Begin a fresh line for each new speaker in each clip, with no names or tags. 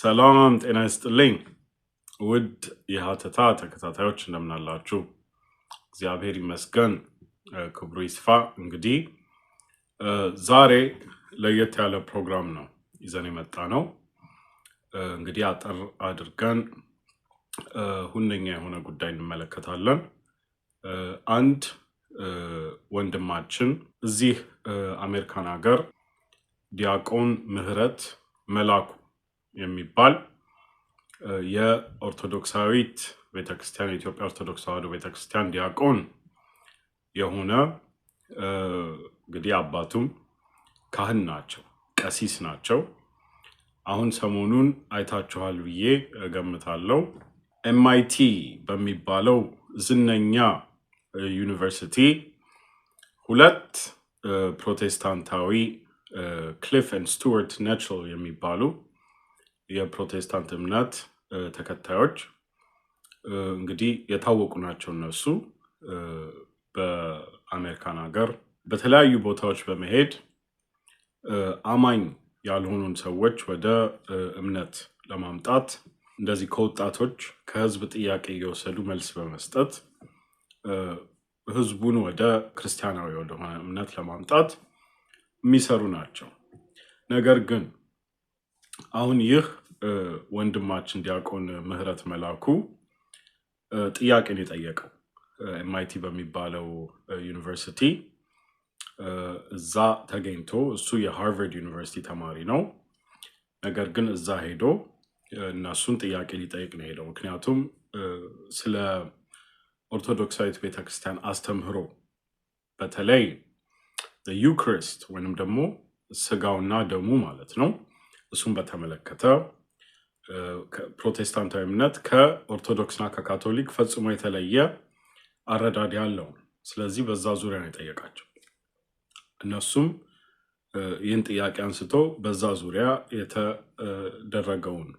ሰላም ጤና ይስጥልኝ። ውድ የሀተታ ተከታታዮች እንደምናላችሁ፣ እግዚአብሔር ይመስገን፣ ክብሩ ይስፋ። እንግዲህ ዛሬ ለየት ያለ ፕሮግራም ነው ይዘን የመጣ ነው። እንግዲህ አጠር አድርገን ሁነኛ የሆነ ጉዳይ እንመለከታለን። አንድ ወንድማችን እዚህ አሜሪካን ሀገር ዲያቆን ምህረት መላኩ የሚባል የኦርቶዶክሳዊት ቤተክርስቲያን የኢትዮጵያ ኦርቶዶክስ ተዋህዶ ቤተክርስቲያን ዲያቆን የሆነ እንግዲህ አባቱም ካህን ናቸው፣ ቀሲስ ናቸው። አሁን ሰሞኑን አይታችኋል ብዬ እገምታለሁ ኤምአይቲ በሚባለው ዝነኛ ዩኒቨርሲቲ ሁለት ፕሮቴስታንታዊ ክሊፍ ኤንድ ስቱዋርት ናችል የሚባሉ የፕሮቴስታንት እምነት ተከታዮች እንግዲህ የታወቁ ናቸው። እነሱ በአሜሪካን ሀገር በተለያዩ ቦታዎች በመሄድ አማኝ ያልሆኑን ሰዎች ወደ እምነት ለማምጣት እንደዚህ ከወጣቶች ከህዝብ ጥያቄ እየወሰዱ መልስ በመስጠት ህዝቡን ወደ ክርስቲያናዊ ወደሆነ እምነት ለማምጣት የሚሰሩ ናቸው። ነገር ግን አሁን ይህ ወንድማችን ዲያቆን ምህረት መላኩ ጥያቄን የጠየቀው ኤምአይቲ በሚባለው ዩኒቨርሲቲ እዛ ተገኝቶ እሱ የሃርቨርድ ዩኒቨርሲቲ ተማሪ ነው። ነገር ግን እዛ ሄዶ እነሱን ጥያቄ ሊጠይቅ ነው ሄደው። ምክንያቱም ስለ ኦርቶዶክሳዊት ቤተክርስቲያን አስተምህሮ በተለይ ዩክሪስት ወይንም ደግሞ ስጋውና ደሙ ማለት ነው እሱን በተመለከተ ፕሮቴስታንታዊ እምነት ከኦርቶዶክስና ከካቶሊክ ፈጽሞ የተለየ አረዳድ ያለው ስለዚህ በዛ ዙሪያ ነው የጠየቃቸው። እነሱም ይህን ጥያቄ አንስቶ በዛ ዙሪያ የተደረገውን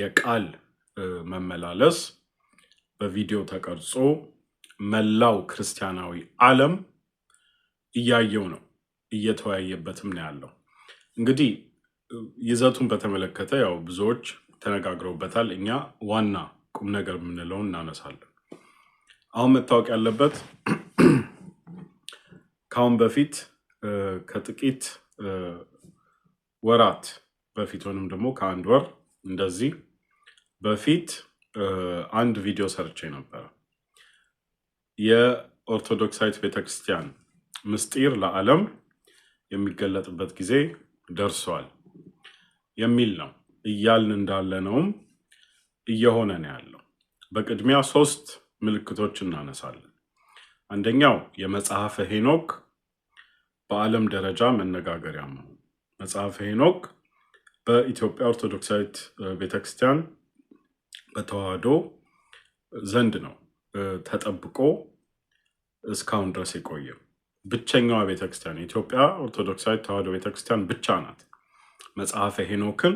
የቃል መመላለስ በቪዲዮ ተቀርጾ መላው ክርስቲያናዊ ዓለም እያየው ነው እየተወያየበትም ነው ያለው እንግዲህ ይዘቱን በተመለከተ ያው ብዙዎች ተነጋግረውበታል። እኛ ዋና ቁም ነገር የምንለውን እናነሳለን። አሁን መታወቅ ያለበት ከአሁን በፊት ከጥቂት ወራት በፊት ወይንም ደግሞ ከአንድ ወር እንደዚህ በፊት አንድ ቪዲዮ ሰርቼ ነበረ። የኦርቶዶክሳዊት ቤተክርስቲያን ምስጢር ለዓለም የሚገለጥበት ጊዜ ደርሷል የሚል ነው እያልን እንዳለ ነውም እየሆነ ነው ያለው። በቅድሚያ ሶስት ምልክቶች እናነሳለን። አንደኛው የመጽሐፈ ሄኖክ በዓለም ደረጃ መነጋገሪያ መሆን። መጽሐፈ ሄኖክ በኢትዮጵያ ኦርቶዶክሳዊት ቤተክርስቲያን በተዋህዶ ዘንድ ነው ተጠብቆ እስካሁን ድረስ የቆየው። ብቸኛዋ ቤተክርስቲያን የኢትዮጵያ ኦርቶዶክሳዊት ተዋህዶ ቤተክርስቲያን ብቻ ናት መጽሐፈ ሄኖክን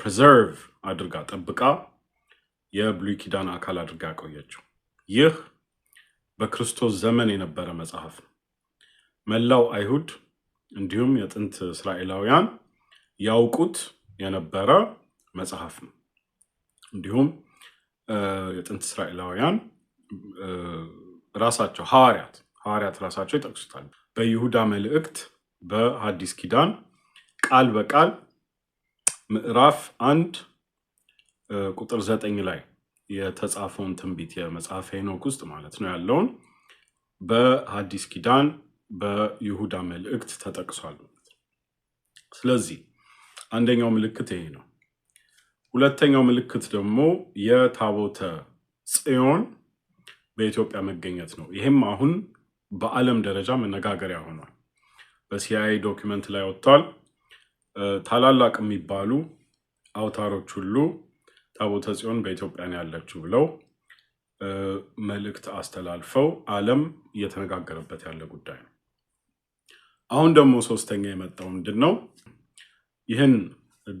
ፕሪዘርቭ አድርጋ ጠብቃ የብሉይ ኪዳን አካል አድርጋ ያቆየችው ይህ በክርስቶስ ዘመን የነበረ መጽሐፍ ነው። መላው አይሁድ እንዲሁም የጥንት እስራኤላውያን ያውቁት የነበረ መጽሐፍ ነው። እንዲሁም የጥንት እስራኤላውያን ራሳቸው ሐዋርያት ሐዋርያት ራሳቸው ይጠቅሱታል። በይሁዳ መልእክት፣ በሐዲስ ኪዳን ቃል በቃል ምዕራፍ አንድ ቁጥር ዘጠኝ ላይ የተጻፈውን ትንቢት የመጽሐፈ ሄኖክ ውስጥ ማለት ነው ያለውን በሐዲስ ኪዳን በይሁዳ መልእክት ተጠቅሷል። ስለዚህ አንደኛው ምልክት ይሄ ነው። ሁለተኛው ምልክት ደግሞ የታቦተ ጽዮን በኢትዮጵያ መገኘት ነው። ይህም አሁን በዓለም ደረጃ መነጋገሪያ ሆኗል። በሲአይኤ ዶክመንት ላይ ወጥቷል። ታላላቅ የሚባሉ አውታሮች ሁሉ ታቦተ ጽዮን በኢትዮጵያን ያለችው ብለው መልእክት አስተላልፈው ዓለም እየተነጋገረበት ያለ ጉዳይ ነው። አሁን ደግሞ ሶስተኛ የመጣው ምንድን ነው? ይህን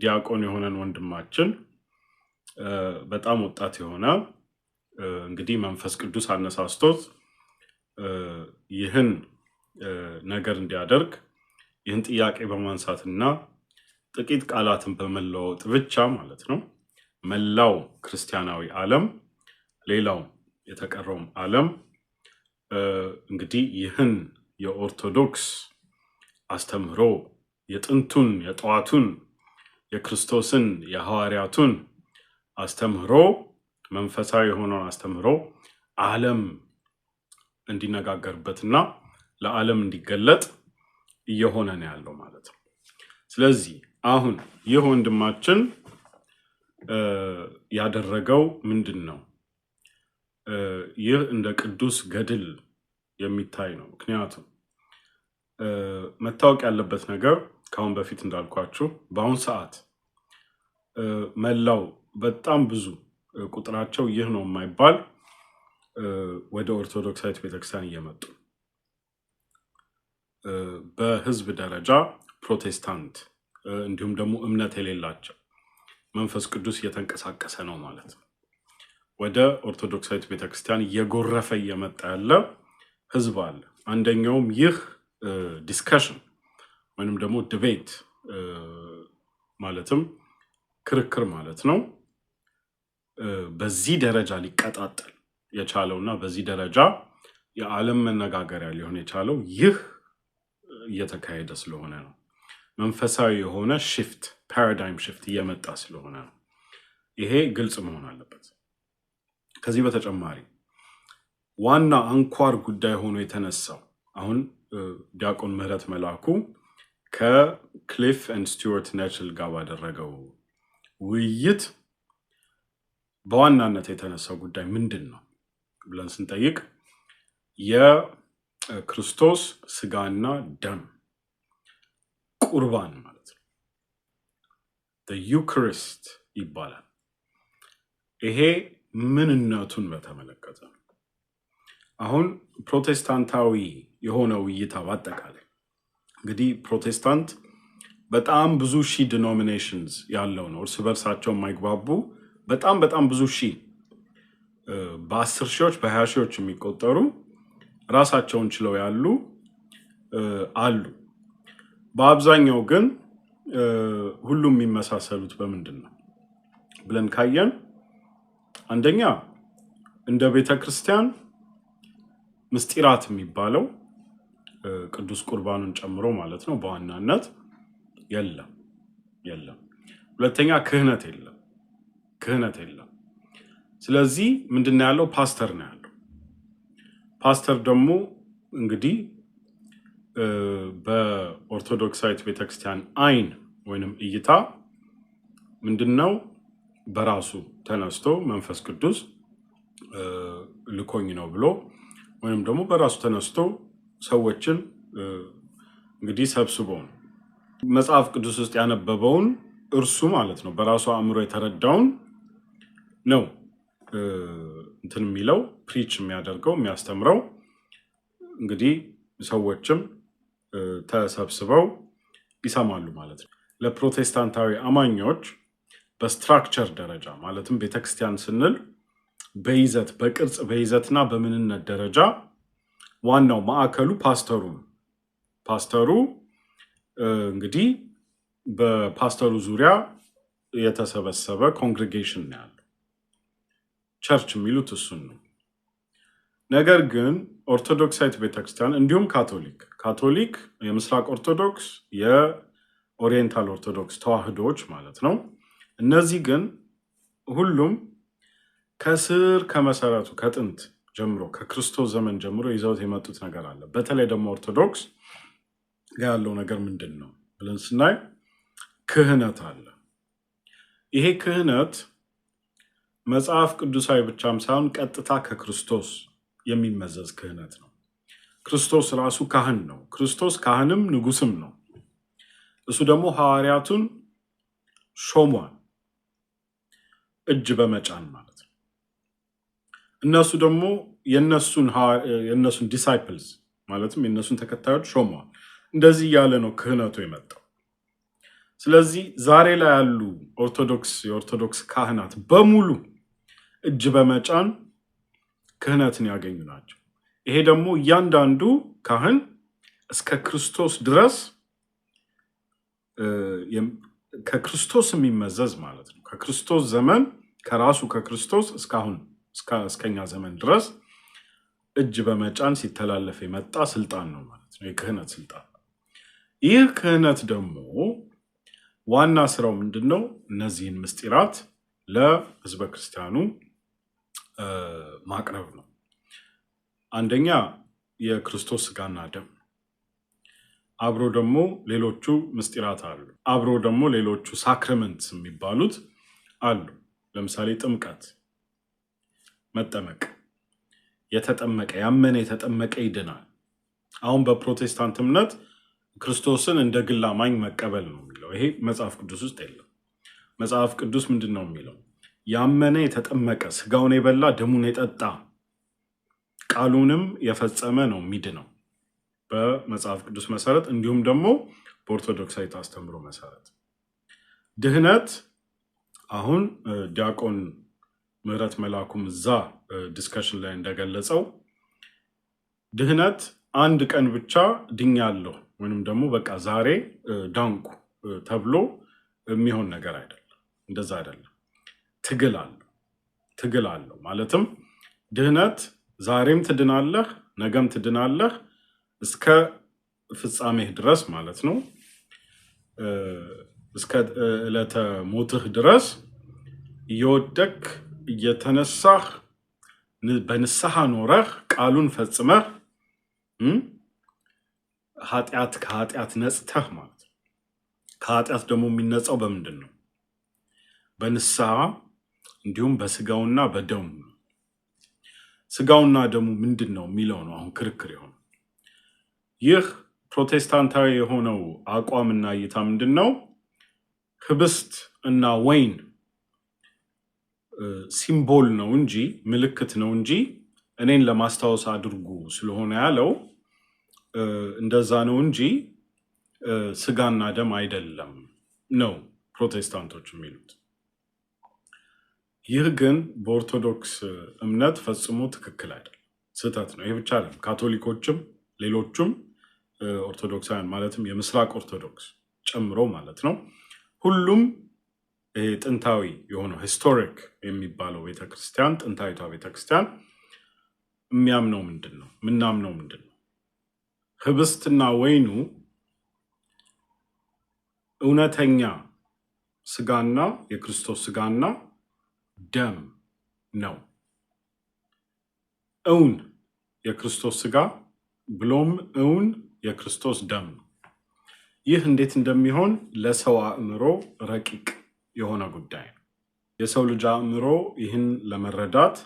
ዲያቆን የሆነን ወንድማችን በጣም ወጣት የሆነ እንግዲህ መንፈስ ቅዱስ አነሳስቶት ይህን ነገር እንዲያደርግ ይህን ጥያቄ በማንሳትና ጥቂት ቃላትን በመለዋወጥ ብቻ ማለት ነው መላው ክርስቲያናዊ ዓለም ሌላው የተቀረውም ዓለም እንግዲህ ይህን የኦርቶዶክስ አስተምህሮ የጥንቱን የጠዋቱን የክርስቶስን የሐዋርያቱን አስተምህሮ መንፈሳዊ የሆነውን አስተምህሮ ዓለም እንዲነጋገርበትና ለዓለም እንዲገለጥ እየሆነ ነው ያለው ማለት ነው። ስለዚህ አሁን ይህ ወንድማችን ያደረገው ምንድን ነው? ይህ እንደ ቅዱስ ገድል የሚታይ ነው። ምክንያቱም መታወቅ ያለበት ነገር ከአሁን በፊት እንዳልኳችሁ በአሁን ሰዓት መላው በጣም ብዙ ቁጥራቸው ይህ ነው የማይባል ወደ ኦርቶዶክሳዊት ቤተክርስቲያን እየመጡ በህዝብ ደረጃ ፕሮቴስታንት እንዲሁም ደግሞ እምነት የሌላቸው መንፈስ ቅዱስ እየተንቀሳቀሰ ነው ማለት ነው። ወደ ኦርቶዶክሳዊት ቤተክርስቲያን እየጎረፈ እየመጣ ያለ ህዝብ አለ። አንደኛውም ይህ ዲስከሽን ወይንም ደግሞ ዲቤት ማለትም ክርክር ማለት ነው በዚህ ደረጃ ሊቀጣጠል የቻለው እና በዚህ ደረጃ የዓለም መነጋገሪያ ሊሆን የቻለው ይህ እየተካሄደ ስለሆነ ነው። መንፈሳዊ የሆነ ሽፍት ፓራዳይም ሽፍት እየመጣ ስለሆነ ነው። ይሄ ግልጽ መሆን አለበት። ከዚህ በተጨማሪ ዋና አንኳር ጉዳይ ሆኖ የተነሳው አሁን ዲያቆን ምህረት መላኩ ከክሊፍ ኤንድ ስቲዋርት ነችል ጋር ባደረገው ውይይት በዋናነት የተነሳው ጉዳይ ምንድን ነው ብለን ስንጠይቅ የክርስቶስ ስጋና ደም ቁርባን ማለት ነው። ዩክሪስት ይባላል። ይሄ ምንነቱን በተመለከተ ነው። አሁን ፕሮቴስታንታዊ የሆነው እይታ በአጠቃላይ እንግዲህ ፕሮቴስታንት በጣም ብዙ ሺ ዲኖሚኔሽንስ ያለው ነው። እርስ በርሳቸው የማይግባቡ በጣም በጣም ብዙ ሺ በአስር ሺዎች በሀያ ሺዎች የሚቆጠሩ ራሳቸውን ችለው ያሉ አሉ። በአብዛኛው ግን ሁሉም የሚመሳሰሉት በምንድን ነው ብለን ካየን አንደኛ እንደ ቤተ ክርስቲያን ምስጢራት የሚባለው ቅዱስ ቁርባኑን ጨምሮ ማለት ነው በዋናነት የለም የለም። ሁለተኛ ክህነት የለም ክህነት የለም። ስለዚህ ምንድን ነው ያለው? ፓስተር ነው ያለው። ፓስተር ደግሞ እንግዲህ በኦርቶዶክሳዊት ቤተክርስቲያን አይን ወይንም እይታ ምንድን ነው በራሱ ተነስቶ መንፈስ ቅዱስ ልኮኝ ነው ብሎ ወይም ደግሞ በራሱ ተነስቶ ሰዎችን እንግዲህ ሰብስቦ መጽሐፍ ቅዱስ ውስጥ ያነበበውን እርሱ ማለት ነው በራሱ አእምሮ የተረዳውን ነው እንትን የሚለው ፕሪች የሚያደርገው የሚያስተምረው እንግዲህ ሰዎችም ተሰብስበው ይሰማሉ ማለት ነው። ለፕሮቴስታንታዊ አማኞች በስትራክቸር ደረጃ ማለትም ቤተክርስቲያን ስንል በይዘት በቅርጽ በይዘትና በምንነት ደረጃ ዋናው ማዕከሉ ፓስተሩ ነው። ፓስተሩ እንግዲህ በፓስተሩ ዙሪያ የተሰበሰበ ኮንግሬጌሽን ነው ያለው። ቸርች የሚሉት እሱን ነው። ነገር ግን ኦርቶዶክሳዊት ቤተክርስቲያን እንዲሁም ካቶሊክ ካቶሊክ የምስራቅ ኦርቶዶክስ የኦሪየንታል ኦርቶዶክስ ተዋህዶዎች ማለት ነው። እነዚህ ግን ሁሉም ከስር ከመሰረቱ ከጥንት ጀምሮ ከክርስቶስ ዘመን ጀምሮ ይዘውት የመጡት ነገር አለ። በተለይ ደግሞ ኦርቶዶክስ ያለው ነገር ምንድን ነው ብለን ስናይ ክህነት አለ። ይሄ ክህነት መጽሐፍ ቅዱሳዊ ብቻም ሳይሆን ቀጥታ ከክርስቶስ የሚመዘዝ ክህነት ነው። ክርስቶስ ራሱ ካህን ነው። ክርስቶስ ካህንም ንጉስም ነው። እሱ ደግሞ ሐዋርያቱን ሾሟል፣ እጅ በመጫን ማለት ነው። እነሱ ደግሞ የእነሱን ዲሳይፕልስ ማለትም የእነሱን ተከታዮች ሾሟል። እንደዚህ እያለ ነው ክህነቱ የመጣው። ስለዚህ ዛሬ ላይ ያሉ ኦርቶዶክስ የኦርቶዶክስ ካህናት በሙሉ እጅ በመጫን ክህነትን ያገኙ ናቸው። ይሄ ደግሞ እያንዳንዱ ካህን እስከ ክርስቶስ ድረስ ከክርስቶስ የሚመዘዝ ማለት ነው። ከክርስቶስ ዘመን ከራሱ ከክርስቶስ እስካሁን እስከኛ ዘመን ድረስ እጅ በመጫን ሲተላለፍ የመጣ ስልጣን ነው ማለት ነው፣ የክህነት ስልጣን። ይህ ክህነት ደግሞ ዋና ስራው ምንድን ነው? እነዚህን ምስጢራት ለህዝበ ክርስቲያኑ ማቅረብ ነው። አንደኛ የክርስቶስ ስጋና ደም አብሮ ደግሞ ሌሎቹ ምስጢራት አሉ። አብሮ ደግሞ ሌሎቹ ሳክረመንት የሚባሉት አሉ። ለምሳሌ ጥምቀት፣ መጠመቅ፣ የተጠመቀ ያመነ የተጠመቀ ይድናል። አሁን በፕሮቴስታንት እምነት ክርስቶስን እንደ ግል አማኝ መቀበል ነው የሚለው። ይሄ መጽሐፍ ቅዱስ ውስጥ የለም። መጽሐፍ ቅዱስ ምንድን ነው የሚለው? ያመነ የተጠመቀ ስጋውን የበላ ደሙን የጠጣ ቃሉንም የፈጸመ ነው ነው በመጽሐፍ ቅዱስ መሰረት እንዲሁም ደግሞ በኦርቶዶክሳዊት አስተምሮ መሰረት ድህነት አሁን ዲያቆን ምህረት መላኩም እዛ ዲስከሽን ላይ እንደገለጸው ድህነት አንድ ቀን ብቻ ድኛለሁ ወይም ደግሞ በቃ ዛሬ ዳንኩ ተብሎ የሚሆን ነገር አይደለም። እንደዛ አይደለም። ትግል አለው ትግል አለው ማለትም ድህነት ዛሬም ትድናለህ፣ ነገም ትድናለህ እስከ ፍጻሜህ ድረስ ማለት ነው። እስከ ዕለተ ሞትህ ድረስ እየወደክ እየተነሳህ በንስሐ ኖረህ ቃሉን ፈጽመህ ኃጢአት ከኃጢአት ነጽተህ ማለት ነው። ከኃጢአት ደግሞ የሚነጻው በምንድን ነው? በንስሐ እንዲሁም በስጋውና በደሙ ነው። ስጋውና ደሙ ምንድን ነው የሚለው ነው አሁን ክርክር የሆነ። ይህ ፕሮቴስታንታዊ የሆነው አቋምና እይታ ምንድን ነው? ህብስት እና ወይን ሲምቦል ነው እንጂ ምልክት ነው እንጂ እኔን ለማስታወስ አድርጉ ስለሆነ ያለው እንደዛ ነው እንጂ ስጋና ደም አይደለም ነው ፕሮቴስታንቶች የሚሉት። ይህ ግን በኦርቶዶክስ እምነት ፈጽሞ ትክክል አይደለም፣ ስህተት ነው። ይህ ብቻ አይደለም። ካቶሊኮችም ሌሎቹም ኦርቶዶክሳውያን ማለትም የምስራቅ ኦርቶዶክስ ጨምሮ ማለት ነው ሁሉም ጥንታዊ የሆነው ሂስቶሪክ የሚባለው ቤተክርስቲያን ጥንታዊቷ ቤተክርስቲያን የሚያምነው ምንድን ነው? የምናምነው ምንድን ነው? ህብስትና ወይኑ እውነተኛ ስጋና የክርስቶስ ስጋና ደም ነው። እውን የክርስቶስ ስጋ ብሎም እውን የክርስቶስ ደም ነው። ይህ እንዴት እንደሚሆን ለሰው አእምሮ ረቂቅ የሆነ ጉዳይ ነው። የሰው ልጅ አእምሮ ይህን ለመረዳት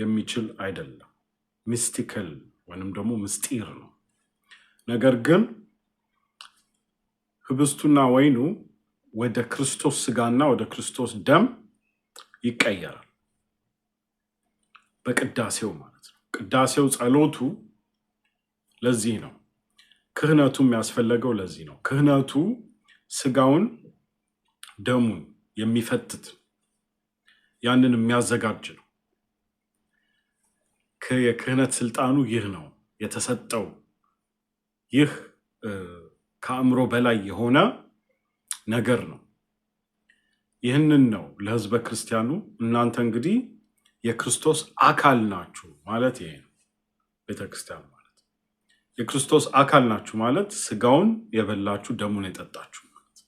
የሚችል አይደለም። ሚስቲክል ወይንም ደግሞ ምስጢር ነው። ነገር ግን ህብስቱና ወይኑ ወደ ክርስቶስ ስጋና ወደ ክርስቶስ ደም ይቀየራል። በቅዳሴው ማለት ነው። ቅዳሴው ጸሎቱ ለዚህ ነው። ክህነቱ የሚያስፈለገው ለዚህ ነው። ክህነቱ ስጋውን ደሙን የሚፈትት ያንን የሚያዘጋጅ ነው። የክህነት ስልጣኑ ይህ ነው የተሰጠው። ይህ ከአእምሮ በላይ የሆነ ነገር ነው። ይህንን ነው ለህዝበ ክርስቲያኑ እናንተ እንግዲህ የክርስቶስ አካል ናችሁ ማለት ይሄ ነው። ቤተክርስቲያን ማለት የክርስቶስ አካል ናችሁ ማለት ስጋውን የበላችሁ ደሙን የጠጣችሁ ማለት።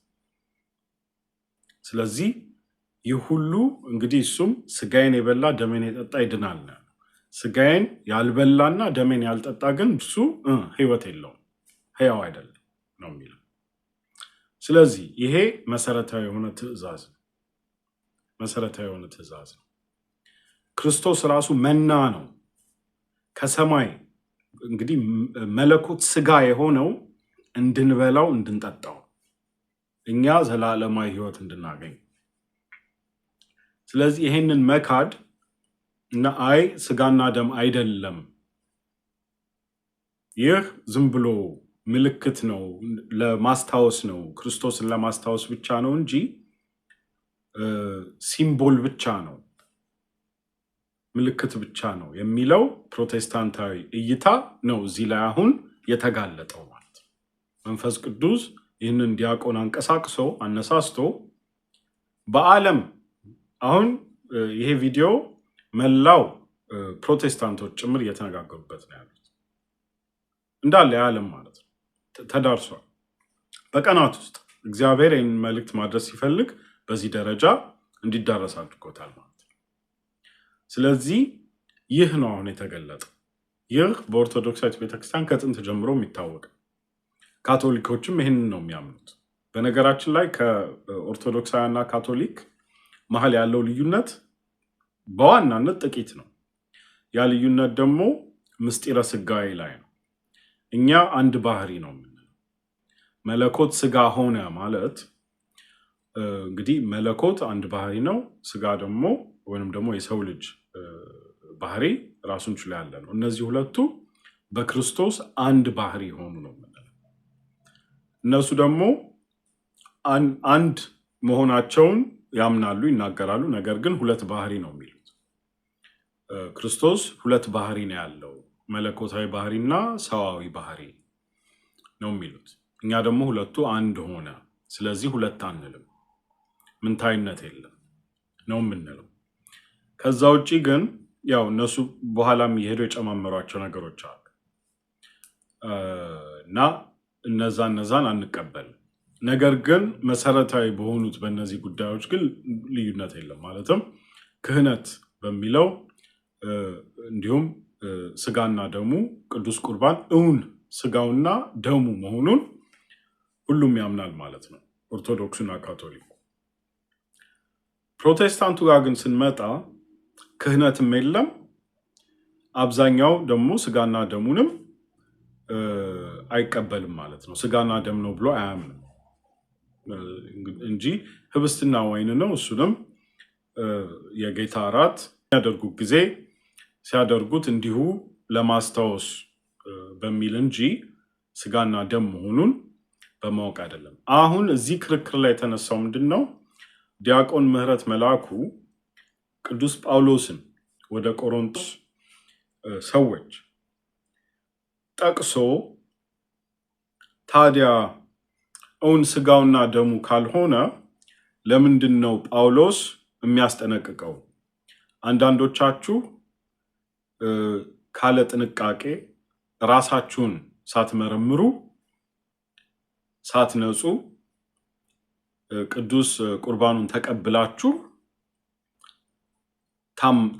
ስለዚህ ይህ ሁሉ እንግዲህ እሱም ስጋዬን የበላ ደሜን የጠጣ ይድናል ነው። ስጋዬን ያልበላና ደሜን ያልጠጣ ግን እሱ ህይወት የለውም ህያው አይደለም ነው የሚለው። ስለዚህ ይሄ መሰረታዊ የሆነ ትዕዛዝ ነው። መሰረታዊ የሆነ ትእዛዝ ነው። ክርስቶስ ራሱ መና ነው ከሰማይ እንግዲህ መለኮት ስጋ የሆነው እንድንበላው እንድንጠጣው እኛ ዘላለማዊ ህይወት እንድናገኝ። ስለዚህ ይሄንን መካድ እና አይ ስጋና ደም አይደለም ይህ ዝም ብሎ ምልክት ነው፣ ለማስታወስ ነው፣ ክርስቶስን ለማስታወስ ብቻ ነው እንጂ ሲምቦል ብቻ ነው፣ ምልክት ብቻ ነው የሚለው ፕሮቴስታንታዊ እይታ ነው እዚህ ላይ አሁን የተጋለጠው ማለት ነው። መንፈስ ቅዱስ ይህንን ዲያቆን አንቀሳቅሶ አነሳስቶ በዓለም አሁን ይሄ ቪዲዮ መላው ፕሮቴስታንቶች ጭምር እየተነጋገሩበት ነው ያሉት እንዳለ የዓለም ማለት ነው ተዳርሷል። በቀናት ውስጥ እግዚአብሔር ይህን መልእክት ማድረስ ሲፈልግ በዚህ ደረጃ እንዲዳረስ አድርጎታል ማለት ነው። ስለዚህ ይህ ነው አሁን የተገለጠ። ይህ በኦርቶዶክሳዊት ቤተክርስቲያን ከጥንት ጀምሮ የሚታወቅ ካቶሊኮችም ይህንን ነው የሚያምኑት። በነገራችን ላይ ከኦርቶዶክሳውያንና ካቶሊክ መሀል ያለው ልዩነት በዋናነት ጥቂት ነው። ያ ልዩነት ደግሞ ምስጢረ ስጋዊ ላይ ነው። እኛ አንድ ባህሪ ነው የምንለው። መለኮት ስጋ ሆነ ማለት እንግዲህ መለኮት አንድ ባህሪ ነው። ስጋ ደግሞ ወይም ደግሞ የሰው ልጅ ባህሪ ራሱን ችሎ ያለ ነው። እነዚህ ሁለቱ በክርስቶስ አንድ ባህሪ የሆኑ ነው። እነሱ ደግሞ አንድ መሆናቸውን ያምናሉ፣ ይናገራሉ። ነገር ግን ሁለት ባህሪ ነው የሚሉት። ክርስቶስ ሁለት ባህሪ ነው ያለው፣ መለኮታዊ ባህሪ እና ሰዋዊ ባህሪ ነው የሚሉት። እኛ ደግሞ ሁለቱ አንድ ሆነ፣ ስለዚህ ሁለት አንልም። ምንታይነት የለም ነው የምንለው። ከዛ ውጭ ግን ያው እነሱ በኋላም የሄዱ የጨማመሯቸው ነገሮች አሉ እና እነዛ እነዛን አንቀበልም። ነገር ግን መሰረታዊ በሆኑት በእነዚህ ጉዳዮች ግን ልዩነት የለም። ማለትም ክህነት በሚለው እንዲሁም ስጋና ደሙ ቅዱስ ቁርባን እውን ስጋውና ደሙ መሆኑን ሁሉም ያምናል ማለት ነው፣ ኦርቶዶክሱና ካቶሊኩ ፕሮቴስታንቱ ጋር ግን ስንመጣ ክህነትም የለም። አብዛኛው ደግሞ ስጋና ደሙንም አይቀበልም ማለት ነው። ስጋና ደም ነው ብሎ አያምንም እንጂ ህብስትና ወይን ነው። እሱንም የጌታ እራት የሚያደርጉት ጊዜ ሲያደርጉት እንዲሁ ለማስታወስ በሚል እንጂ ስጋና ደም መሆኑን በማወቅ አይደለም። አሁን እዚህ ክርክር ላይ የተነሳው ምንድን ነው? ዲያቆን ምህረት መልአኩ ቅዱስ ጳውሎስን ወደ ቆሮንቶስ ሰዎች ጠቅሶ ታዲያ እውን ስጋውና ደሙ ካልሆነ ለምንድን ነው ጳውሎስ የሚያስጠነቅቀው? አንዳንዶቻችሁ ካለ ጥንቃቄ ራሳችሁን ሳትመረምሩ ሳትነጹ ቅዱስ ቁርባኑን ተቀብላችሁ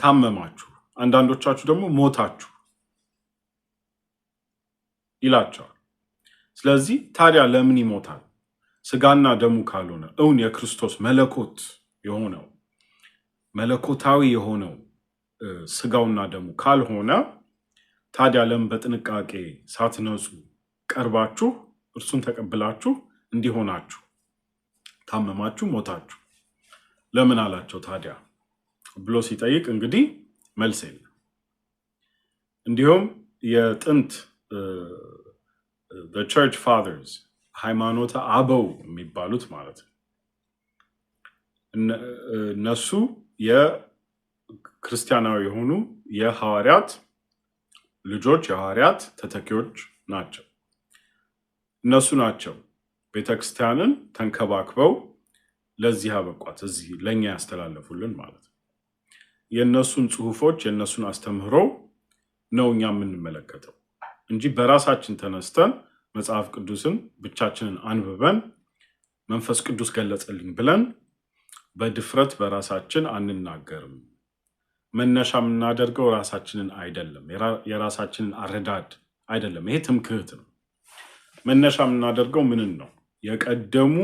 ታመማችሁ፣ አንዳንዶቻችሁ ደግሞ ሞታችሁ ይላቸዋል። ስለዚህ ታዲያ ለምን ይሞታል? ስጋና ደሙ ካልሆነ እውን የክርስቶስ መለኮት የሆነው መለኮታዊ የሆነው ስጋውና ደሙ ካልሆነ ታዲያ ለምን በጥንቃቄ ሳትነጹ ቀርባችሁ እርሱን ተቀብላችሁ እንዲሆናችሁ ታመማችሁ፣ ሞታችሁ ለምን አላቸው ታዲያ ብሎ ሲጠይቅ እንግዲህ መልስ የለም። እንዲሁም የጥንት ቸርች ፋዘርስ ሃይማኖተ አበው የሚባሉት ማለት ነው እነሱ የክርስቲያናዊ የሆኑ የሐዋርያት ልጆች የሐዋርያት ተተኪዎች ናቸው። እነሱ ናቸው ቤተክርስቲያንን ተንከባክበው ለዚህ አበቋት። እዚህ ለእኛ ያስተላለፉልን ማለት ነው። የእነሱን ጽሁፎች የእነሱን አስተምህሮ ነው እኛ የምንመለከተው እንጂ በራሳችን ተነስተን መጽሐፍ ቅዱስን ብቻችንን አንብበን መንፈስ ቅዱስ ገለጸልኝ ብለን በድፍረት በራሳችን አንናገርም። መነሻ የምናደርገው ራሳችንን አይደለም፣ የራሳችንን አረዳድ አይደለም። ይሄ ትምክህት ነው። መነሻ የምናደርገው ምንን ነው? የቀደሙ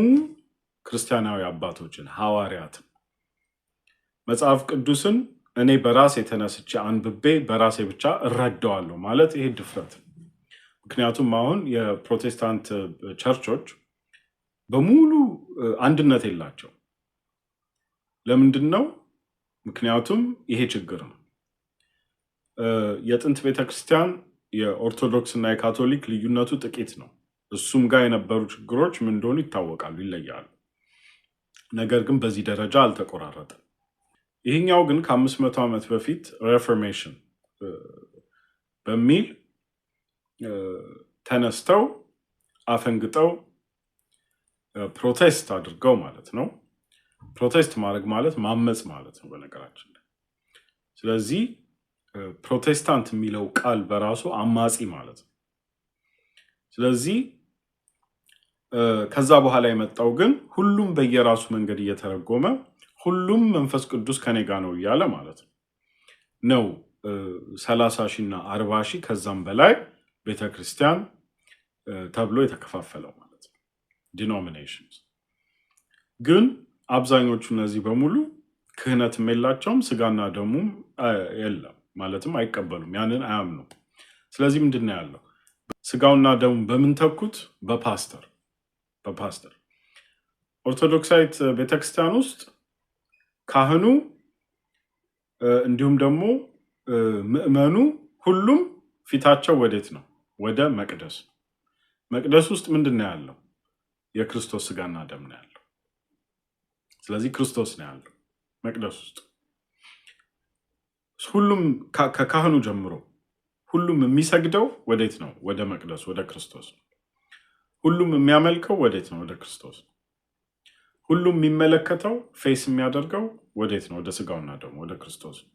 ክርስቲያናዊ አባቶችን ሐዋርያትን መጽሐፍ ቅዱስን እኔ በራሴ የተነስቼ አንብቤ በራሴ ብቻ እረዳዋለሁ ማለት ይሄ ድፍረት። ምክንያቱም አሁን የፕሮቴስታንት ቸርቾች በሙሉ አንድነት የላቸው። ለምንድን ነው? ምክንያቱም ይሄ ችግር ነው። የጥንት ቤተክርስቲያን የኦርቶዶክስ እና የካቶሊክ ልዩነቱ ጥቂት ነው። እሱም ጋር የነበሩ ችግሮች ምን እንደሆኑ ይታወቃሉ፣ ይለያሉ። ነገር ግን በዚህ ደረጃ አልተቆራረጠም። ይህኛው ግን ከአምስት መቶ ዓመት በፊት ሬፎርሜሽን በሚል ተነስተው አፈንግጠው ፕሮቴስት አድርገው ማለት ነው። ፕሮቴስት ማድረግ ማለት ማመፅ ማለት ነው በነገራችን ላይ። ስለዚህ ፕሮቴስታንት የሚለው ቃል በራሱ አማጺ ማለት ነው። ስለዚህ ከዛ በኋላ የመጣው ግን ሁሉም በየራሱ መንገድ እየተረጎመ ሁሉም መንፈስ ቅዱስ ከኔ ጋ ነው እያለ ማለት ነው ነው ሰላሳ ሺና አርባ ሺ ከዛም በላይ ቤተክርስቲያን ተብሎ የተከፋፈለው ማለት ነው። ዲኖሚኔሽንስ ግን አብዛኞቹ እነዚህ በሙሉ ክህነትም የላቸውም፣ ስጋና ደሙም የለም ማለትም አይቀበሉም፣ ያንን አያምኑም። ስለዚህ ምንድን ነው ያለው? ስጋውና ደሙ በምን ተኩት? በፓስተር በፓስተር ኦርቶዶክሳዊት ቤተክርስቲያን ውስጥ ካህኑ እንዲሁም ደግሞ ምዕመኑ ሁሉም ፊታቸው ወዴት ነው? ወደ መቅደስ መቅደስ ውስጥ ምንድን ነው ያለው? የክርስቶስ ስጋና ደም ነው ያለው። ስለዚህ ክርስቶስ ነው ያለው መቅደስ ውስጥ። ሁሉም ከካህኑ ጀምሮ ሁሉም የሚሰግደው ወዴት ነው? ወደ መቅደሱ፣ ወደ ክርስቶስ ነው። ሁሉም የሚያመልከው ወዴት ነው? ወደ ክርስቶስ ነው። ሁሉም የሚመለከተው ፌስ የሚያደርገው ወዴት ነው? ወደ ስጋውና ደግሞ ወደ ክርስቶስ ነው።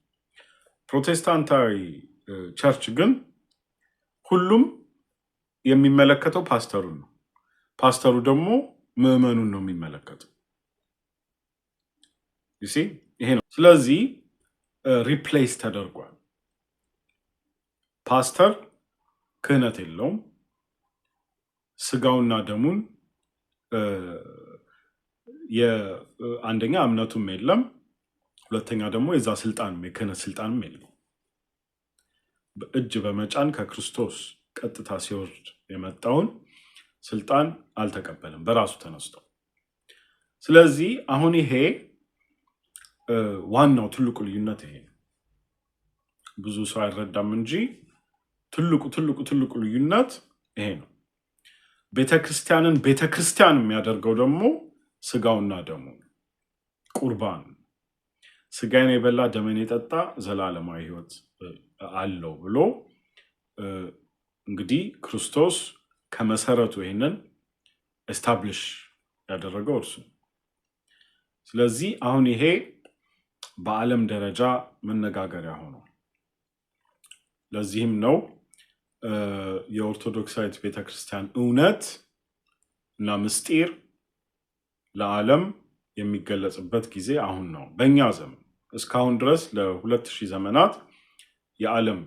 ፕሮቴስታንታዊ ቸርች ግን ሁሉም የሚመለከተው ፓስተሩን ነው። ፓስተሩ ደግሞ ምዕመኑን ነው የሚመለከተው። ይሄ ነው። ስለዚህ ሪፕሌስ ተደርጓል። ፓስተር ክህነት የለውም። ስጋውና ደሙን አንደኛ እምነቱም የለም፣ ሁለተኛ ደግሞ የዛ ስልጣንም የክህነት ስልጣንም የለም። እጅ በመጫን ከክርስቶስ ቀጥታ ሲወርድ የመጣውን ስልጣን አልተቀበለም በራሱ ተነስቶ። ስለዚህ አሁን ይሄ ዋናው ትልቁ ልዩነት ይሄ ነው። ብዙ ሰው አይረዳም እንጂ ትልቁ ትልቁ ትልቁ ልዩነት ይሄ ነው። ቤተ ክርስቲያንን ቤተ ክርስቲያን የሚያደርገው ደግሞ ስጋውና ደሙ ቁርባን ስጋን የበላ ደመን የጠጣ ዘላለማዊ ህይወት አለው ብሎ እንግዲህ ክርስቶስ ከመሰረቱ ይህንን ኤስታብሊሽ ያደረገው እርሱ። ስለዚህ አሁን ይሄ በዓለም ደረጃ መነጋገሪያ ሆኗል። ለዚህም ነው የኦርቶዶክሳዊት ቤተክርስቲያን እውነት እና ምስጢር ለዓለም የሚገለጽበት ጊዜ አሁን ነው። በእኛ ዘመን እስካሁን ድረስ ለሁለት ሺህ ዘመናት የዓለም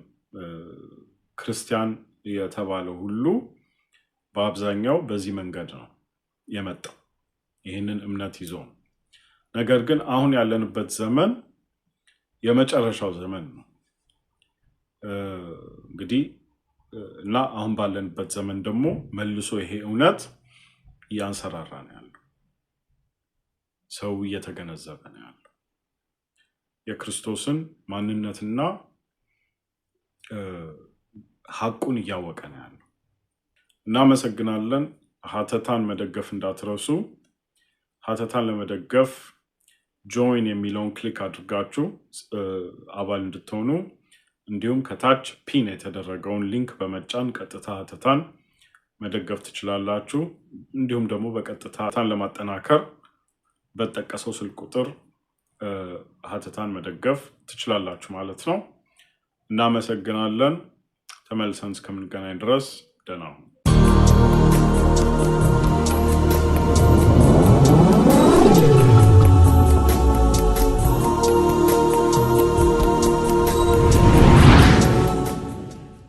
ክርስቲያን የተባለው ሁሉ በአብዛኛው በዚህ መንገድ ነው የመጣው ይህንን እምነት ይዞ ነው። ነገር ግን አሁን ያለንበት ዘመን የመጨረሻው ዘመን ነው እንግዲህ እና አሁን ባለንበት ዘመን ደግሞ መልሶ ይሄ እውነት እያንሰራራ ነው ያለው። ሰው እየተገነዘበ ነው ያለው የክርስቶስን ማንነትና ሀቁን እያወቀ ነው ያለው። እናመሰግናለን። ሀተታን መደገፍ እንዳትረሱ። ሀተታን ለመደገፍ ጆይን የሚለውን ክሊክ አድርጋችሁ አባል እንድትሆኑ እንዲሁም ከታች ፒን የተደረገውን ሊንክ በመጫን ቀጥታ ሀተታን መደገፍ ትችላላችሁ። እንዲሁም ደግሞ በቀጥታ ሀተታን ለማጠናከር በጠቀሰው ስልክ ቁጥር ሀተታን መደገፍ ትችላላችሁ ማለት ነው። እናመሰግናለን። ተመልሰን እስከምንገናኝ ድረስ ደህና ሁኑ።